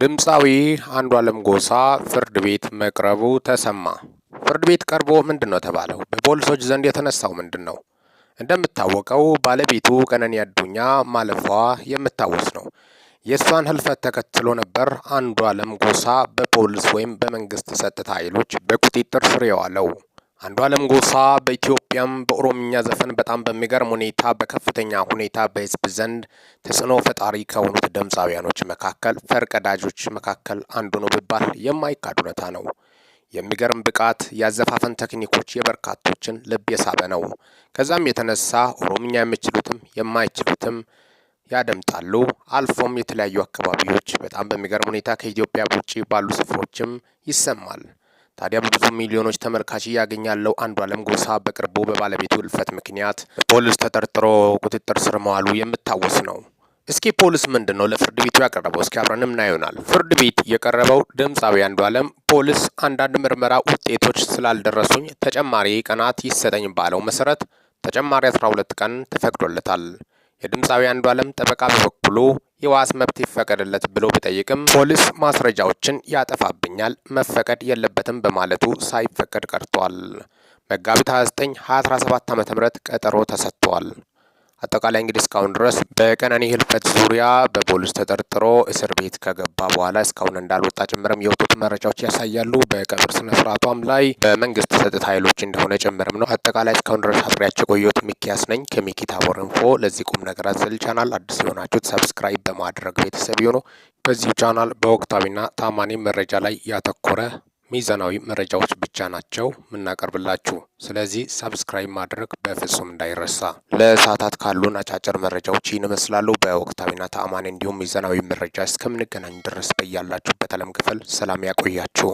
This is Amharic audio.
ድምፃዊ አንዷለም ጎሳ ፍርድ ቤት መቅረቡ ተሰማ። ፍርድ ቤት ቀርቦ ምንድን ነው ተባለው? በፖሊሶች ዘንድ የተነሳው ምንድን ነው? እንደምታወቀው ባለቤቱ ቀነኒ አዱኛ ማለፏ የምታወስ ነው። የእሷን ህልፈት ተከትሎ ነበር አንዷለም ጎሳ በፖሊስ ወይም በመንግስት ጸጥታ ኃይሎች በቁጥጥር ስር የዋለው። አንዱ አለም ጎሳ በኢትዮጵያም በኦሮምኛ ዘፈን በጣም በሚገርም ሁኔታ በከፍተኛ ሁኔታ በህዝብ ዘንድ ተጽዕኖ ፈጣሪ ከሆኑት ድምፃውያኖች መካከል ፈርቀዳጆች መካከል አንዱ ነው ብባል የማይካድ እውነታ ነው። የሚገርም ብቃት፣ ያዘፋፈን ቴክኒኮች የበርካቶችን ልብ የሳበ ነው። ከዛም የተነሳ ኦሮምኛ የሚችሉትም የማይችሉትም ያደምጣሉ። አልፎም የተለያዩ አካባቢዎች በጣም በሚገርም ሁኔታ ከኢትዮጵያ ውጭ ባሉ ስፍሮችም ይሰማል። ታዲያ በብዙ ሚሊዮኖች ተመልካች እያገኛለው አለም ጎሳ በቅርቡ በባለቤቱ እልፈት ምክንያት በፖሊስ ተጠርጥሮ ቁጥጥር ስር መዋሉ የምታወስ ነው። እስኪ ፖሊስ ምንድን ነው ለፍርድ ቤቱ ያቀረበው? እስኪ አብረን ይሆናል። ፍርድ ቤት የቀረበው ድምፃዊ አንዱ አለም ፖሊስ አንዳንድ ምርመራ ውጤቶች ስላልደረሱኝ ተጨማሪ ቀናት ይሰጠኝ ባለው መሰረት ተጨማሪ 12 ቀን ተፈቅዶለታል። የድምፃዊ አለም ጠበቃ በበኩሉ የዋስ መብት ይፈቀድለት ብሎ ቢጠይቅም ፖሊስ ማስረጃዎችን ያጠፋብኛል መፈቀድ የለበትም በማለቱ ሳይፈቀድ ቀርቷል። መጋቢት 29 2017 ዓ.ም ቀጠሮ ተሰጥቷል። አጠቃላይ እንግዲህ እስካሁን ድረስ በቀነኒ ህልፈት ዙሪያ በፖሊስ ተጠርጥሮ እስር ቤት ከገባ በኋላ እስካሁን እንዳልወጣ ጭምርም የወጡት መረጃዎች ያሳያሉ። በቀብር ስነ ስርዓቷም ላይ በመንግስት ጸጥታ ኃይሎች እንደሆነ ጭምርም ነው። አጠቃላይ እስካሁን ድረስ አብሬያቸው የቆየሁት ሚኪያስ ነኝ ከሚኪ ታቦር ኢንፎ። ለዚህ ቁም ነገር አዘል ቻናል አዲስ የሆናችሁት ሰብስክራይብ በማድረግ ቤተሰብ ይሁኑ። በዚሁ ቻናል በወቅታዊና ታማኒ መረጃ ላይ ያተኮረ ሚዛናዊ መረጃዎች ብቻ ናቸው የምናቀርብላችሁ። ስለዚህ ሰብስክራይብ ማድረግ በፍጹም እንዳይረሳ። ለሰዓታት ካሉን አጫጭር መረጃዎች ይህን ይመስላሉ። በወቅታዊና ተአማኒ እንዲሁም ሚዛናዊ መረጃ እስከምንገናኝ ድረስ በያላችሁበት ዓለም ክፍል ሰላም ያቆያችሁ።